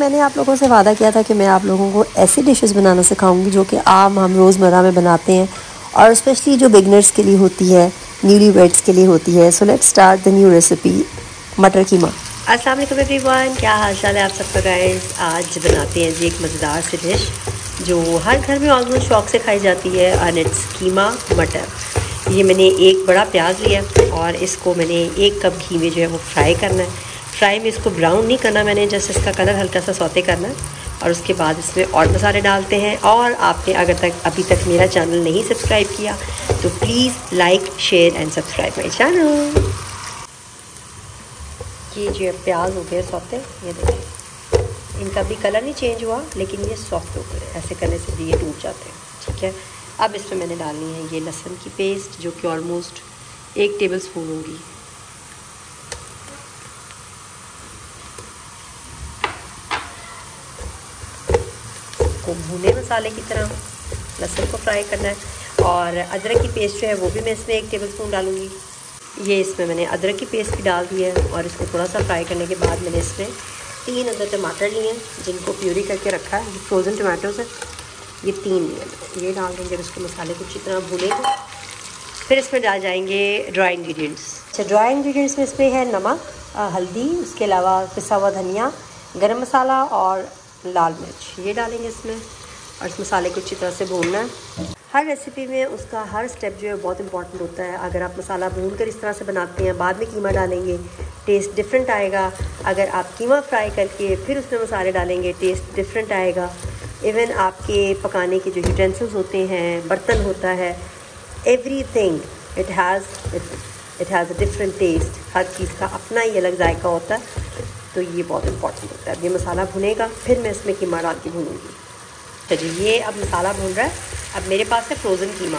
मैंने आप लोगों से वादा किया था कि मैं आप लोगों को ऐसी डिशेस बनाना सिखाऊंगी जो कि आम हम रोज़मर्रा में बनाते हैं और स्पेशली जो बिगनर्स के लिए होती है न्यूली वेड्स के लिए होती है so let start the new recipe matar keema अस्सलाम वालेकुम एवरीवन क्या हाल चाल है आप सबका गाइस आज बनाते हैं जी एक मज़ेदार सी डिश जो हर घर में ऑलमोस्ट शौक से खाई जाती है एंड इट्स कीमा मटर ये मैंने एक बड़ा प्याज लिया और इसको मैंने एक कप घी में जो है वो फ्राई करना है फ्राई में इसको ब्राउन नहीं करना मैंने जस्ट इसका कलर हल्का सा सौते करना और उसके बाद इसमें और मसाले डालते हैं और आपने अगर तक अभी तक मेरा चैनल नहीं सब्सक्राइब किया तो please like share and subscribe my channel ये जो प्याज हो गए सौते ये इनका भी कलर नहीं चेंज हुआ लेकिन ये सॉफ्ट हो गए ऐसे करने से भी ये टूट जाते हैं ठीक है अब इसमें मैंने डालनी है ये लहसुन की पेस्ट जो कि ऑलमोस्ट एक टेबल स्पून होगी को भुने मसाले की तरह लहसुन को फ्राई करना है और अदरक की पेस्ट जो है वो भी मैं इसमें एक टेबल स्पून डालूँगी ये इसमें मैंने अदरक की पेस्ट भी डाल दी है और इसको थोड़ा सा फ्राई करने के बाद मैंने इसमें तीन अदर टमाटर लिए हैं जिनको प्यूरी करके रखा है फ्रोज़न टमाटोज है ये तीन लिए ये डाल देंगे उसके मसाले को अच्छी तरह भूनेंगे फिर इसमें डाल जाएंगे ड्राई इंग्रीडियंट्स अच्छा ड्राई इन्ग्रीडियंट्स में इसमें है नमक हल्दी उसके अलावा पिसा हुआ धनिया गरम मसाला और लाल मिर्च ये डालेंगे इसमें और इस मसाले को अच्छी तरह से भूनना है हर रेसिपी में उसका हर स्टेप जो है बहुत इंपॉर्टेंट होता है अगर आप मसाला भून कर इस तरह से बनाते हैं बाद में कीमा डालेंगे टेस्ट डिफरेंट आएगा अगर आप कीमा फ्राई करके फिर उसमें मसाले डालेंगे टेस्ट डिफरेंट आएगा इवन आपके पकाने के जो यूटेंसिल्स होते हैं बर्तन होता है everything it has it has a different taste हर चीज़ का अपना ही अलग जायका होता है तो ये बहुत इंपॉर्टेंट होता है अब ये मसाला भुनेगा फिर मैं इसमें कीमा डाल के भूनूंगी चलिए ये अब मसाला भून रहा है अब मेरे पास है फ्रोज़न कीमा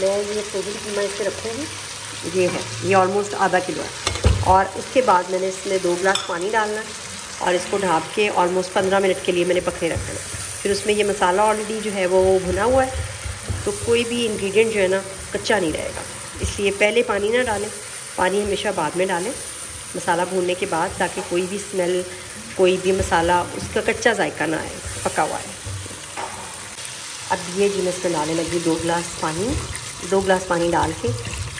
मैं ये फ्रोज़न कीमा इसमें रखूँगी ये है ये ऑलमोस्ट आधा किलो है और उसके बाद मैंने इसमें दो गिलास पानी डालना है और इसको ढाप के ऑलमोस्ट पंद्रह मिनट के लिए मैंने पकड़े रखना फिर उसमें ये मसाला ऑलरेडी जो है वो भुना हुआ है तो कोई भी इंग्रेडिएंट जो है ना कच्चा नहीं रहेगा इसलिए पहले पानी ना डालें पानी हमेशा बाद में डालें मसाला भूनने के बाद ताकि कोई भी स्मेल कोई भी मसाला उसका कच्चा जायका ना आए पका हुआ है अब ये जी मैं इसमें डालने लगी दो गिलास पानी दो गिलास पानी डाल के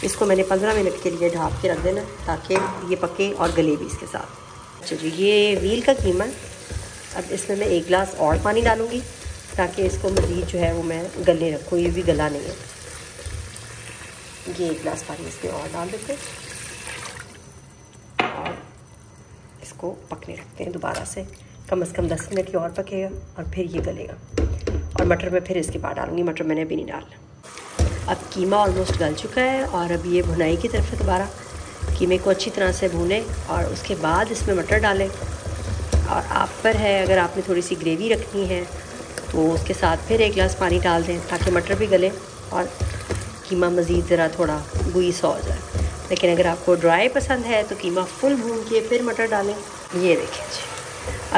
इसको मैंने पंद्रह मिनट के लिए ढाप के रख देना ताकि ये पके और गले भी इसके साथ अच्छा जी ये व्हील का कीमा अब इसमें मैं एक गिलास और पानी डालूँगी ताकि इसको मज़ीद जो है वो मैं गले रखूँ ये भी गला नहीं है ये एक गिलास पानी इसमें और डाल देते हैं इसको पकने रखते हैं दोबारा से कम से कम दस मिनट की और पकेगा और फिर ये गलेगा और मटर में फिर इसके बाद डालूंगी मटर मैंने अभी नहीं डाला अब कीमा ऑलमोस्ट गल चुका है और अब ये भुनाई की तरफ है दोबारा कीमे को अच्छी तरह से भूने और उसके बाद इसमें मटर डालें और आप पर है अगर आपने थोड़ी सी ग्रेवी रखनी है तो उसके साथ फिर एक गिलास पानी डाल दें ताकि मटर भी गले और कीमा मज़ीद ज़रा थोड़ा गुई सा हो जाए लेकिन अगर आपको ड्राई पसंद है तो कीमा फुल भून के फिर मटर डालें ये देखें जी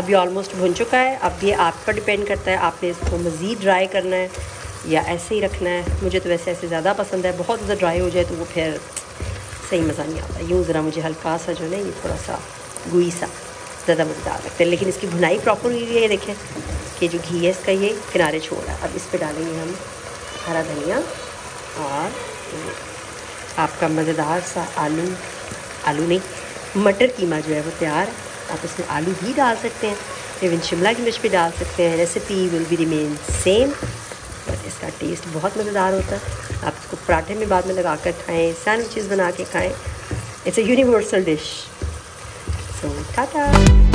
अब ये ऑलमोस्ट भुन चुका है अब ये आप पर डिपेंड करता है आपने इसको मज़ीद ड्राई करना है या ऐसे ही रखना है मुझे तो वैसे ऐसे ज़्यादा पसंद है बहुत ज़्यादा ड्राई हो जाए तो वो फिर सही मज़ा नहीं आता यूँ ज़रा मुझे हल्का सा जो है ये थोड़ा सा गुई सा ज़्यादा मज़ेदार लगता है लेकिन इसकी भुनाई प्रॉपर हुई है ये देखें कि जो घी है इसका ये किनारे छोड़ रहा है अब इस पर डालेंगे हम हरा धनिया और आपका मज़ेदार सा आलू आलू नहीं मटर कीमा जो है वो तैयार आप इसमें आलू भी डाल सकते हैं इवन शिमला की मिर्च भी डाल सकते हैं recipe will be remain same but इसका टेस्ट बहुत मज़ेदार होता है आप इसको पराठे में बाद में लगा कर खाएँ सैंडविचेज़ बना के खाएँ it's a universal dish so Tata